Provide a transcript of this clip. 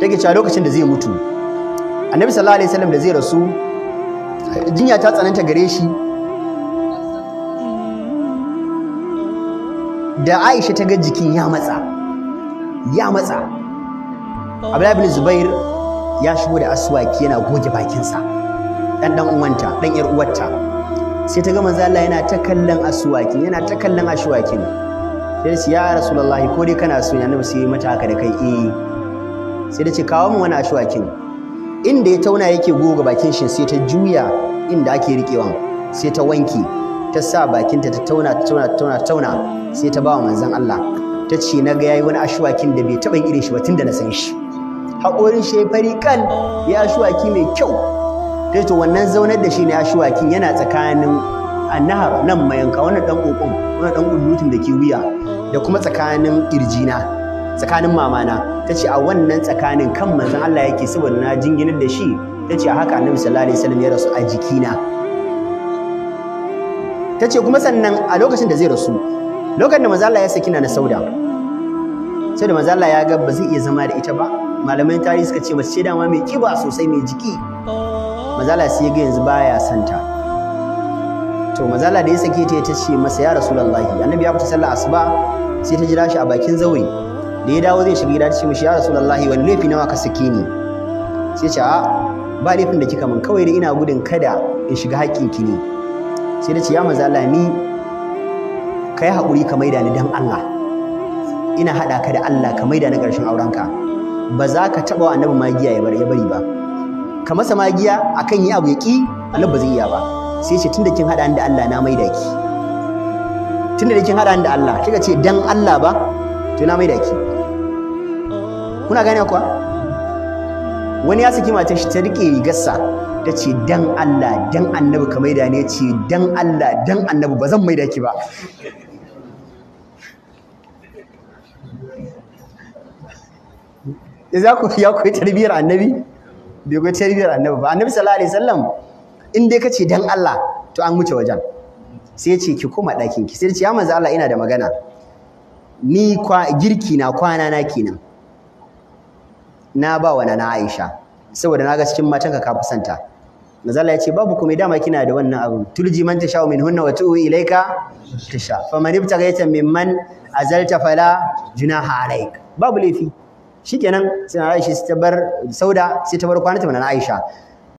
take cewa lokacin da zai mutu annabi sallallahu alaihi wasallam da zai rasu jinya ta tsananta gare shi da Aisha ta ga jikin ya matsa ya matsa Abdullahi bin Zubair ya shigo da aswaki yana goge bakinsa dan dan uwanta dan yar uwarta sai ta ga manzo Allah yana ta kallon aswaki yana ta kallon aswaki sai ya rasulullahi ko dai kana so ya nabi sai mata haka da kai eh sai da ce kawo min wani ashwakin inda ya tauna yake goga bakin shi sai ta juya inda ake rikewa, sai ta wanke ta sa bakinta ta tauna ta tauna ta tauna ta tauna sai ta ba wa manzon Allah ta ce na ga yayi wani ashwakin da bai taɓa irin shi ba tunda na san shi haƙorin shi fari kal ya ashwaki mai kyau ta to wannan zaunar da shi ne ashwakin yana tsakanin annahar nan mayanka wannan dan kokon wannan dan gudutun da ke wuya da kuma tsakanin kirjina tsakanin mamana ta ce a wannan tsakanin kan manzan Allah yake saboda na jinginar da shi ta ce a haka annabi sallallahu alaihi wasallam ya rasu a jikina ta ce kuma sannan a lokacin da zai rasu lokacin da manzon Allah ya saki na sauda sai da manzon ya ga ba zai iya zama da ita ba malamai tarihi suka ce mace ce dama mai kiba sosai mai jiki mazala sai ya ga yanzu baya santa to mazala da ya sake ta ta ce masa ya rasu rasulullahi annabi ya fita sallar asuba sai ta jira shi a bakin zaure da ya dawo zai shiga gida ce mishi ya rasulullahi wani laifi nawa ka saki ni sai ce a ba laifin da kika min kawai da ina gudun kada in shiga haƙƙinki ne sai da ce ya maza Allah ni kai haƙuri ka maida ni dan Allah ina haɗa ka da Allah ka maida ni ƙarshen aurenka ba za ka taɓa wa annabi magiya ya bari ba ka masa magiya akan yi abu ya ƙi annabi ba zai iya ba sai ce tunda kin haɗa ni da Allah na maida ki tunda da kin haɗa ni da Allah kika ce dan Allah ba tuna mai da ki kuna gane kuwa wani ya saki matar shi ta rike rigarsa ta ce dan Allah dan annabi ka maida ne ce dan Allah dan annabi ba zan maida ki ba za ku ya koyi tarbiyyar annabi bai koyi tarbiyyar annabi ba annabi sallallahu alaihi wasallam in dai ce dan Allah to an wuce wajen sai ya ce ki koma ɗakin ki sai ya ce ya manzo Allah ina da magana ni girki na kwana na kenan na ba wa na Aisha saboda na ga cikin matan ka kafi santa nazala ya babu kuma dama kina da wannan abu tulji man sha min hunna wa tu'u ilaika tasha faman ibtaghaita mimman azalta fala junaha alaik babu laifi shikenan sai Aisha ta bar sauda sai ta bar ta na Aisha